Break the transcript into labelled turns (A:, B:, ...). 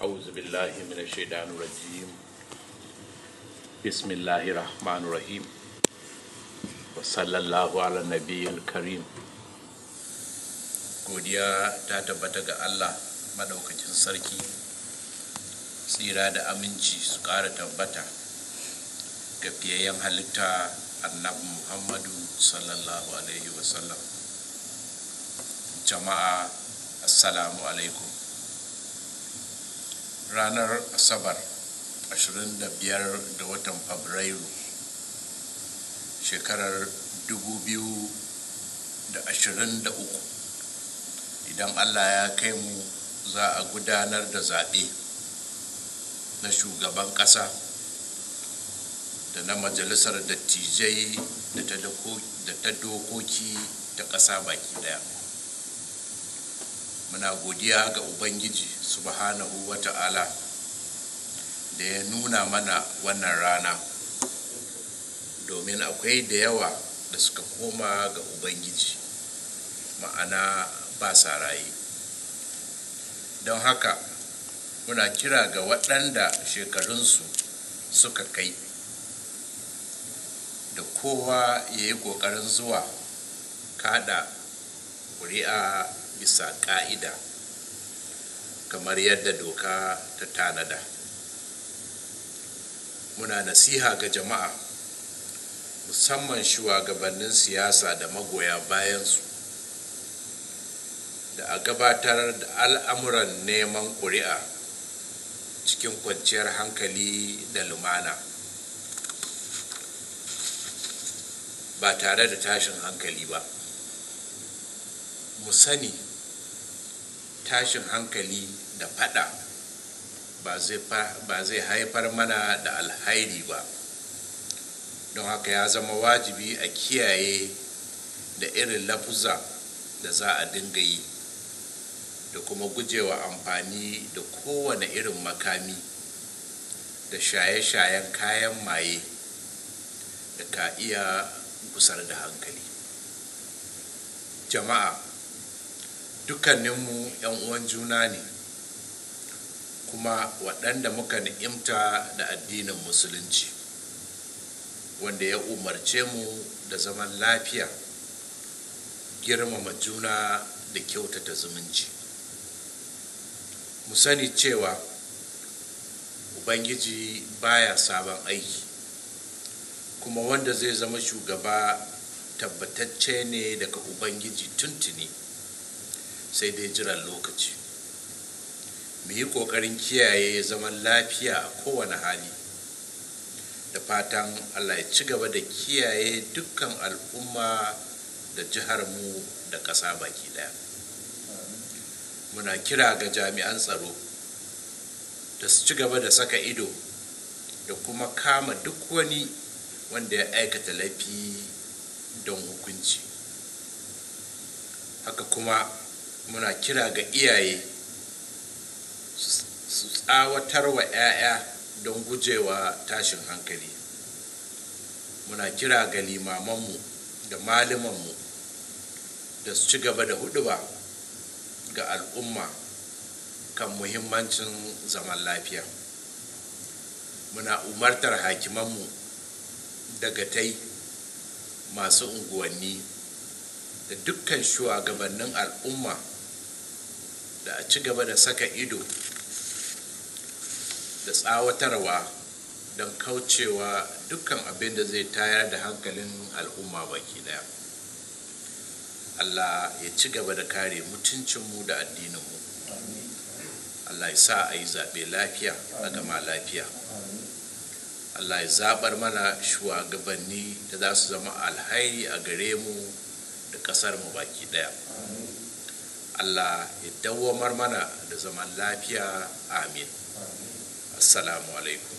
A: أعوذ na من الشيطان الرجيم بسم الله الرحمن الرحيم وصلى الله على النبي godiya ta tabbata ga Allah maɗaukacin sarki tsira da aminci su ƙara tabbata ga fiyayyen halitta annabi muhammadu sallallahu alaihi wasallam jama'a assalamu alaikum ranar asabar 25 da watan fabrairu shekarar 2023 idan allah ya kai mu za a gudanar da zaɓe na shugaban ƙasa da na majalisar dattijai da ta dokoki ta ƙasa baki daya. muna godiya ga ubangiji subhanahu wa ta'ala da ya nuna mana wannan rana domin akwai da yawa da suka koma ga ubangiji ma'ana ba sa raye don haka muna kira ga waɗanda shekarunsu suka kai da kowa ya yi ƙoƙarin zuwa kada ƙuri'a bisa ƙa'ida kamar yadda doka ta tanada muna nasiha ga jama'a musamman shugabannin siyasa da magoya bayansu da a gabatar da al'amuran neman ƙuri'a cikin kwanciyar hankali da lumana ba tare da tashin hankali ba mu sani tashin hankali da fada ba zai haifar mana da alhairi ba don haka ya zama wajibi a kiyaye da irin lafuza da za a dinga yi da kuma gujewa amfani da kowane irin makami da shaye-shayen kayan maye da ka iya gusar da hankali jama'a dukkaninmu yan uwan juna ne kuma waɗanda muka ni'imta da addinin musulunci wanda ya umarce mu da zaman lafiya girmama juna da kyautata zumunci mu sani cewa ubangiji baya sabon aiki kuma wanda zai zama shugaba tabbatacce ne daga ubangiji tuntuni sai dai jiran lokaci mu yi ƙoƙarin kiyaye zaman lafiya a kowane hali da fatan allah ya ci gaba da kiyaye dukkan al'umma da jiharmu da ƙasa baki ɗaya muna kira ga jami'an tsaro da su ci gaba da saka ido da kuma kama duk wani wanda ya aikata laifi don hukunci haka kuma muna kira ga iyaye su tsawatar wa 'ya'ya don gujewa tashin hankali muna kira ga limamanmu da malamanmu da su ci gaba da huduba ga al'umma kan muhimmancin zaman lafiya muna umartar hakimanmu daga tai masu unguwanni da dukkan shugabannin al'umma da a ci gaba da saka ido da tsawatarwa don kaucewa dukkan abin da zai tayar da hankalin al'umma baki daya allah ya ci gaba da kare mutuncinmu da addininmu allah ya sa a yi zaɓe lafiya a gama lafiya allah ya zaɓar mana shugabanni da za su zama alhairi a gare mu da mu baki daya Allah ya dawwamar mana da zaman lafiya amin assalamu alaikum